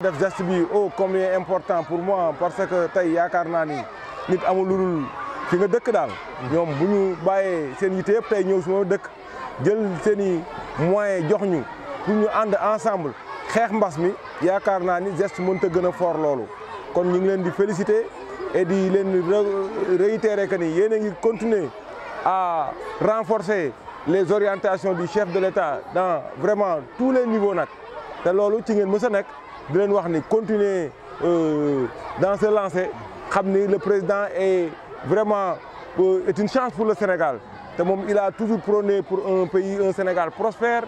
def geste bi oh combien important pour moi parce que tey yaakaar naa ni nit amul lu dul nga dëkk daal. ñoom bu ñu bayee seen yitte yëpp tey ñëw suma dëkk jël seeni moyen moyens jox ñu pour ñu ànd ensemble xeex mbas mi yaakaar naa ni geste mënta gën a fort loolu. kon ñu ngi leen di féliciter et di leen réitérer que ni yéen a ngi continuer à renforcer les orientations du chef de l'État dans vraiment tous les niveaux nag te loolu ci ngeen mës a nekk. di leen wax ni continuer euh, dans ce lancé xam ni le président est vraiment euh, est une chance pour le Sénégal te moom il a toujours prôné pour un pays un Sénégal prospère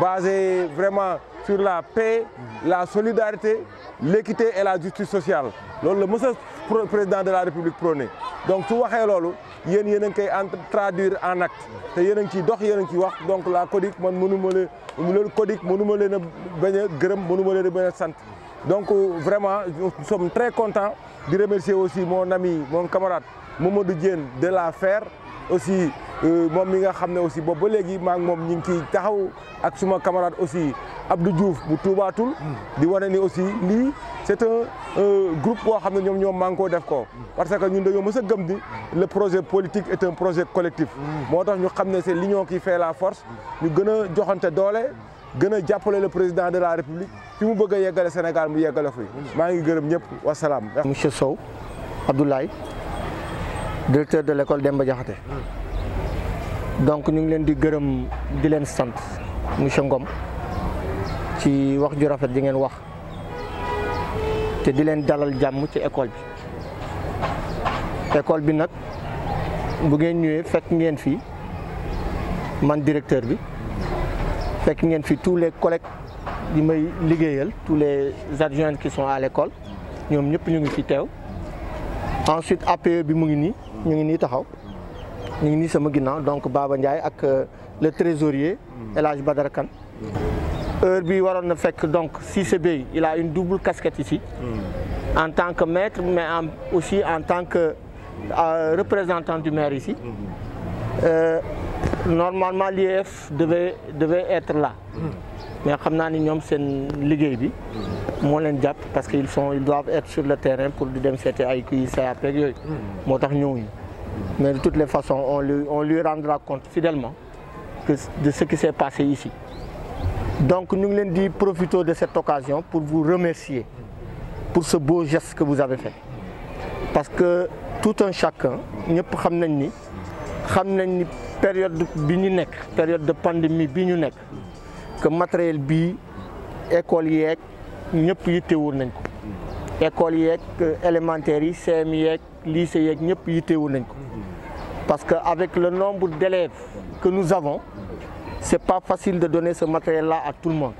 basé vraiment sur la paix la solidarité l'équité et la justice sociale loolu la monsieur président de la république prôné donc su waxee loolu yéen yéen a ngi koy entre traduire en acte te yéen a ngi dox yéen a ngi wax donc la CODIC man mënu ma leen loolu CODIC mënu leen a bañ a gërëm mënu ma leen a sant donc vraiment nous sommes très contents di remercier aussi mon ami mon camarade Mamadou Diène de la FER aussi euh, moom mi nga xam ne aussi boobu ba léegi maa ngi moom ñu ngi ciy taxaw ak suma camarade aussi Abdou Diouf bu Tuubaatul mm. di wane ni aussi lii c'est un groupe boo xam ne ñoom ñoom maa koo def ko mm. parce que ñun dañoo mës a gëm ni mm. le projet politique et un projet collectif moo tax ñu xam ne c'est l'union qui fait la force ñu gën a joxante doole gën a jàppale le président de la république fi mu bëgg a yeggale Sénégal mu yeggale fi maa ngi gërëm ñëpp wasalaam monsieur Sow Abdoulaye directeur de l'école dem ba Diakhaté donc ñu ngi leen di gërëm di leen sant monsieur Ngom ci wax ju rafet ji ngeen wax te di leen dalal jàmm ci école bi école bi nag bu ngeen ñëwee fekk ngeen fi man directeur bi fekk ngeen fi tous les collègues yi may liggéeyal tous les adjoints qui sont à l'école ñoom ñëpp ñu ngi fi teew ensuite APE bi mu ngi nii ñu ngi nii taxaw ñu ngi nii sama ginnaaw donc Baba Ndiaye ak euh, le trésorier mm. El Hadj Badara Kane mm. heure bi waroon na fekk donc CCB yi il a une double casquette ici mm. en tant que maître mais aussi en tant que euh, représentant du maire ici mm-hmm. euh, normalement l'IEF devait devait être là mais xam naa ni ñoom seen liggéey bi moo leen jàpp parce que ils sont ils doivent être sur le terrain pour di dem seete ay kii CAP ak yooyu mm-hmm. moo tax ñëwuñu mais de toutes les façons on lui on lui rendra compte fidèlement que de ce qui s'est passé ici donc ñu ngi leen di profiter de cette occasion pour vous remercier pour ce beau geste que vous avez fait parce que tout un chacun ñëpp xam nañ ni xam nañ ni période bi ñu nekk période de pandémie bi ñu nekk que matériel bii école yeeg ñëpp yittewul nañ ko école yeeg euh, élémentaire yi CM yeeg lycée yeeg ñëpp yittewul nañ ko parce que avec le nombre d'élèves que nous avons c'est pas facile de donner ce matériel là à tout le monde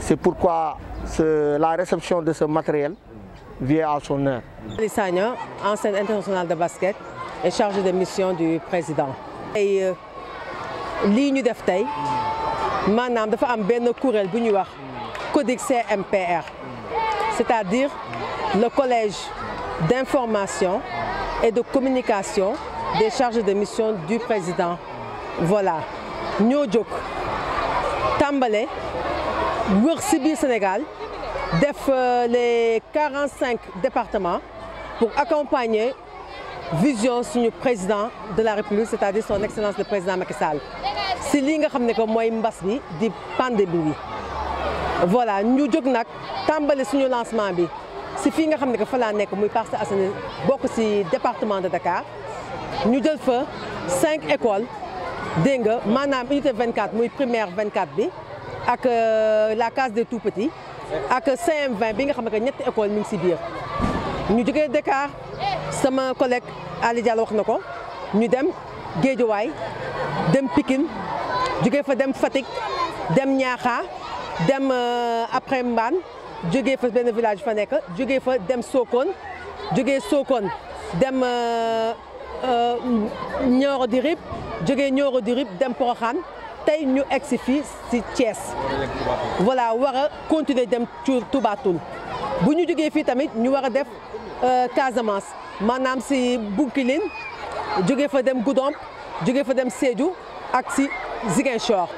c'est pourquoi ce, la réception de ce matériel vient à son heure. Ali Sagna, ancienne internationale de basket et chargée de mission du président. tey euh, lii ñu def tey maanaam dafa am benn kuréel bu ñuy wax codic CMPR c'est-à-dire le collège d'information et de communication des charges de mission du président voilà ñoo jóg tàmbale wër si biir Sénégal def euh, les quarante cinq départements pour accompagner vision suñu président de la République c'est-à-dire président Macky Sall si lii nga xam ne que mooy mbas bi di pandémie bi voilà ñu jóg nag tàmbali suñu lancement bi si fii nga xam ne que fa laa nekk muy Parcelles Assainies bokk si département de Dakar ñu jël fa cinq écoles dégg nga maanaam vingt 24 muy primaire 24 bi ak euh, la case de tout petits ak CM20 bi nga xam ne que ñetti école mi ngi si biir ñu jógee Dakar sama collègue Ali Diallo wax na ko ñu dem Géejawaay dem Pikine jóge fa dem Fatick dem ñaaxa dem euh, après Mbane jóge fa benn village fa nekk jóge fa dem Sokone jóge Sokone dem euh, euh, Nioro di jóge Nioro di dem Porokhane tey ñu egsi fii si Thiès voilà war a continuer dem ci Touba bu ñu jógee fii tamit ñu war a def Casamance maanaam si Bounkiling jóge fa dem Goudomp jóge fa dem Sédhiou ak Ziguinchor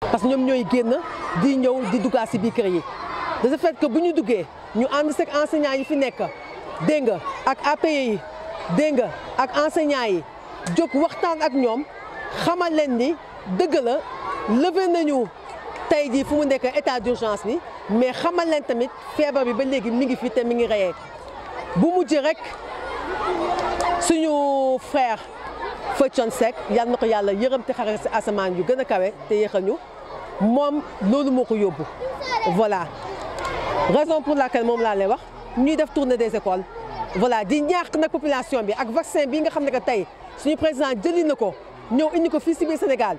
parce que ñoom ñooy génn di ñëw di duggaat si biir kër yi de ce fait que bu ñu duggee ñu ànd sek enseignants yi fi nekk dégg nga ak APE yi dégg nga ak enseignants yi jóg waxtaan ak ñoom xamal leen ni dëgg la levé nañu tey jii fu mu nekk état d'urgence bi mais xamal leen tamit feebar bi ba léegi mi ngi fi te mi ngi reyee bu mujj rek suñu frère. Feution Seck yal na ko yàlla yërëm te xare si asamaan yu gën a kawe te yéexal ñu moom loolu moo ko yóbbu voilà raison pour laquelle moom laa lay wax ñuy def tournée des écoles voilà di ñaax nag population bi ak vaccin bii nga xam ne que tey suñu président jëli na ko ñëw indi ko fii si biir Sénégal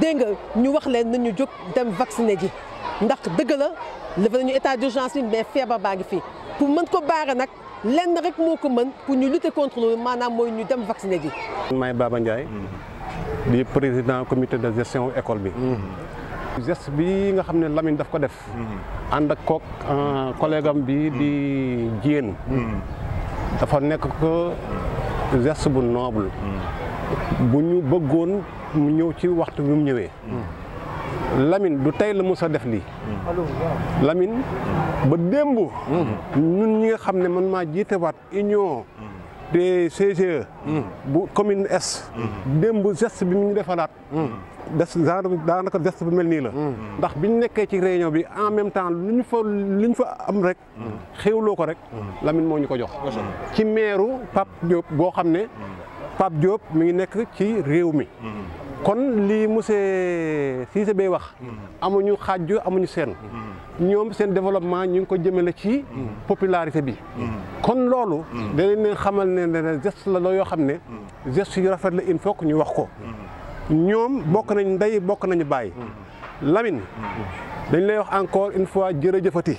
dégg nga ñu wax leen nañu jóg dem vacciner ji ndax dëgg la levé nañu état d'urgence bi mais feebar baa ngi fii pour mën ko baare nag lenn rek moo ko mën pour ñu lutter contre loolu maanaam mooy ñu dem vacciner ji. may Baba Ndiaye. di président comité de gestion école bi. geste bi nga xam ne Lamine daf ko def. ànd ak kook euh, collègue bi di Diène. dafa nekk ko geste bu noble bu ñu bëggoon mu ñëw ci waxtu bi mu ñëwee. Lamine du tey la mos a def lii lamin ba démb ñun ñi nga xam ne man maa jiitewaat union de CGE bu commune est démb geste bi mu ñu defalaat des genre daanaka geste bu mel nii la ndax biñ nekkee ci réunion bi en même temps lu ñu fa fa am rek xéwloo ko rek Lamine moo ñu ko jox ci meeru Pape Diop boo xam ne Pape Diop mi ngi nekk ci réew mi kon lii monsieur Cissé bay wax mm-hmm. amuñu xaaju amuñu seen mm-hmm. ñoom seen développement ñu ngi ko jëmale ci mm-hmm. popularité bi kon loolu danañ leen xamal ne ne geste la loo yoo xam ne geste yu rafet la il faut que ñu wax ko ñoom bokk nañ ndey bokk nañu bàyyi Lamine dañ lay wax encore une fois jërëjëfati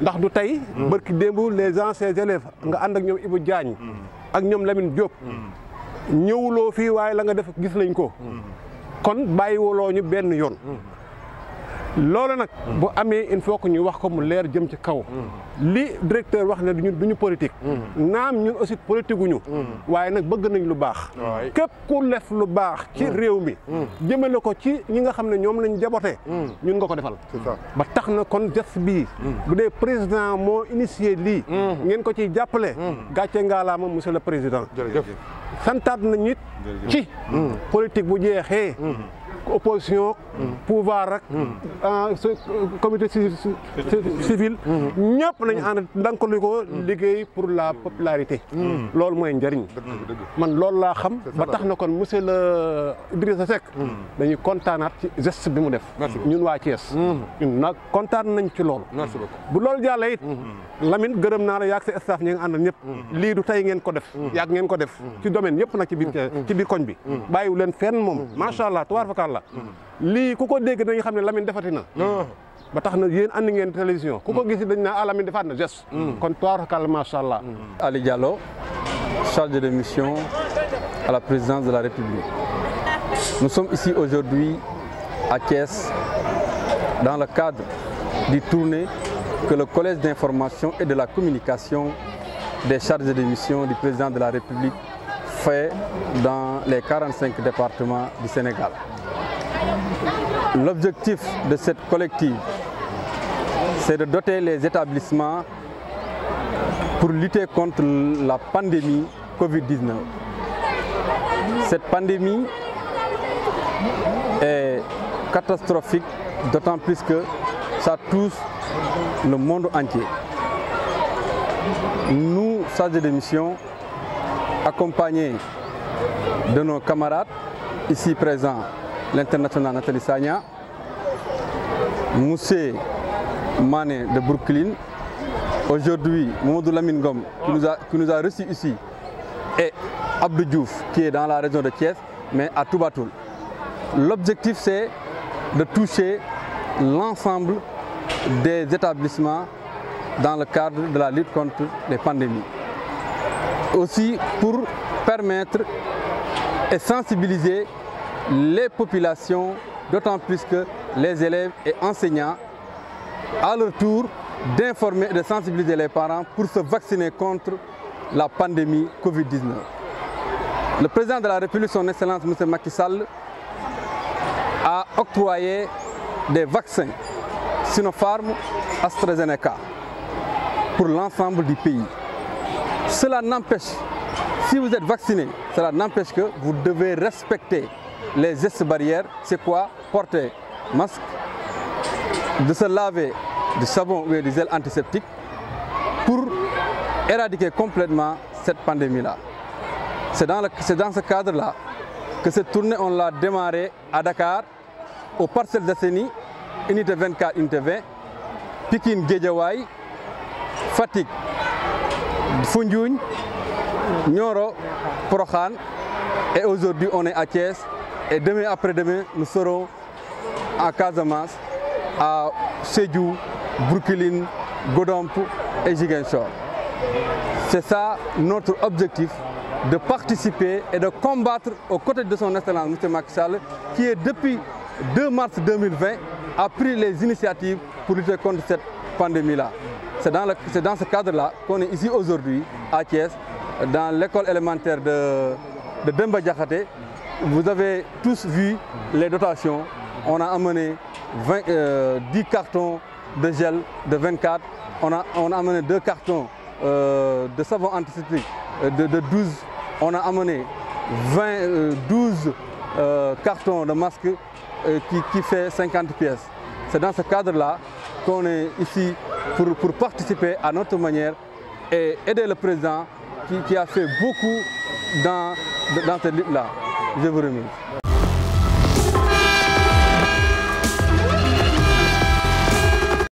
ndax du tey barki démb les anciens élèves nga ànd ak ñoom Ibou jaañ ak ñoom lamin Diop ñëwuloo fii waaye la nga def gis nañ ko mm-hmm. kon bàyyiwuloo ñu benn yoon mm-hmm. loolu nag bu amee il faut que ñu wax ko mu leer jëm ci kaw li directeur wax ne duñu duñu politique naam ñun aussi politique uñu waaye nag bëgg nañ lu baax képp ku lef lu baax ci mm. réew mi mm. jëmale ko ci ñi nga xam ne ñoom lañ jabote mm. ñun nga ko defal ba tax na kon geste bi bu dee président moo initié lii ngeen ko ciy jàppale gàcce ngaalaama monsieur le président santaat nañ it ci politique bu jeexee opposition pouvoir rek. Hmm. Ah, comité civil. ñëpp nañu ànd ndànkali ko liggéey pour la popularité. Hmm. loolu mooy njëriñ. man loolu laa xam. ba tax na kon monsieur le Idrissa Seck. Hmm. dañuy kontaanaat ci geste bi mu def. ñun waa Thiès. ñun nag kontaan nañ ci loolu. bu lool jàllee it. Lamine gërëm naa la yaag sa staff ñi nga àndal lii du tey ngeen ko def. yaag ngeen ko def. ci domaine yëpp nag ci biir ci biir koñ bi. bàyyiwu leen fenn moom macha allah tubaar fakàlla lii lii ku ko dégg dañuy xam ne Lamine defati na. Ah. ba tax na yéen ànd ngeen télévision. ku ko gis dañ naa ah Lamine defaat na geste. Mm. kon tubaarkalla macha allah. Mm. Ali Diallo chargé de mission à la présidence de la République. Nous sommes ici aujourd'hui à Thiès dans le cadre du tournée que le collège d'information et de la communication des chargés de mission du président de la République fait dans les 45 départements du Sénégal. L'objectif de cette collective, c'est de doter les établissements pour lutter contre la pandémie Covid-19. Cette pandémie est catastrophique, d'autant plus que ça touche le monde entier. Nous, chargés de mission, accompagnés de nos camarades ici présents l'international Nathalie Sagna, Moussé Mané de Brooklyn. Aujourd'hui, Mamadou Lamine Gom qui nous, a, qui nous a reçus ici et Abdou Diouf qui est dans la région de Thiès, mais à Toubatoul. L'objectif c'est de toucher l'ensemble des établissements dans le cadre de la lutte contre les pandémies. Aussi pour permettre et sensibiliser les populations, d'autant plus que les élèves et enseignants, à leur tour, d'informer et de sensibiliser les parents pour se vacciner contre la pandémie Covid-19. Le président de la République, son Excellence M. Macky Sall, a octroyé des vaccins Sinopharm AstraZeneca pour l'ensemble du pays. Cela n'empêche, si vous êtes vacciné, cela n'empêche que vous devez respecter les gestes barrières, c'est quoi Porter masque, de se laver du savon ou du gel antiseptique pour éradiquer complètement cette pandémie-là. C'est dans, dans, ce cadre-là que cette tournée, on l'a démarrée à Dakar, aux parcelles d'Asseni, unité 24, unité 20, Pikin Guédiawaï, Fatik, Fundjoun, et aujourd'hui on est à Thiès, Et demain après-demain, nous serons à Casamance, à Sédou, Brooklyn, Godomp et Giguinchor. C'est ça notre objectif, de participer et de combattre aux côtés de son excellence, M. Macky Sall, qui est depuis 2 mars 2020 a pris les initiatives pour lutter contre cette pandémie-là. C'est dans, dans, ce cadre-là qu'on est ici aujourd'hui à dans l'école élémentaire de, de Demba Diakhaté, Vous avez tous vu les dotations. On a amené 20, euh, 10 de gel de 24. On a, on a amené 2 cartons euh, de savon antiseptique euh, de, de, 12. On a amené 20, euh, 12 euh, cartons de masques qui, qui fait 50 pièces. C'est dans ce cadre-là pour, pour participer à notre manière et aider le président qui, qui a fait beaucoup Je vous remercie.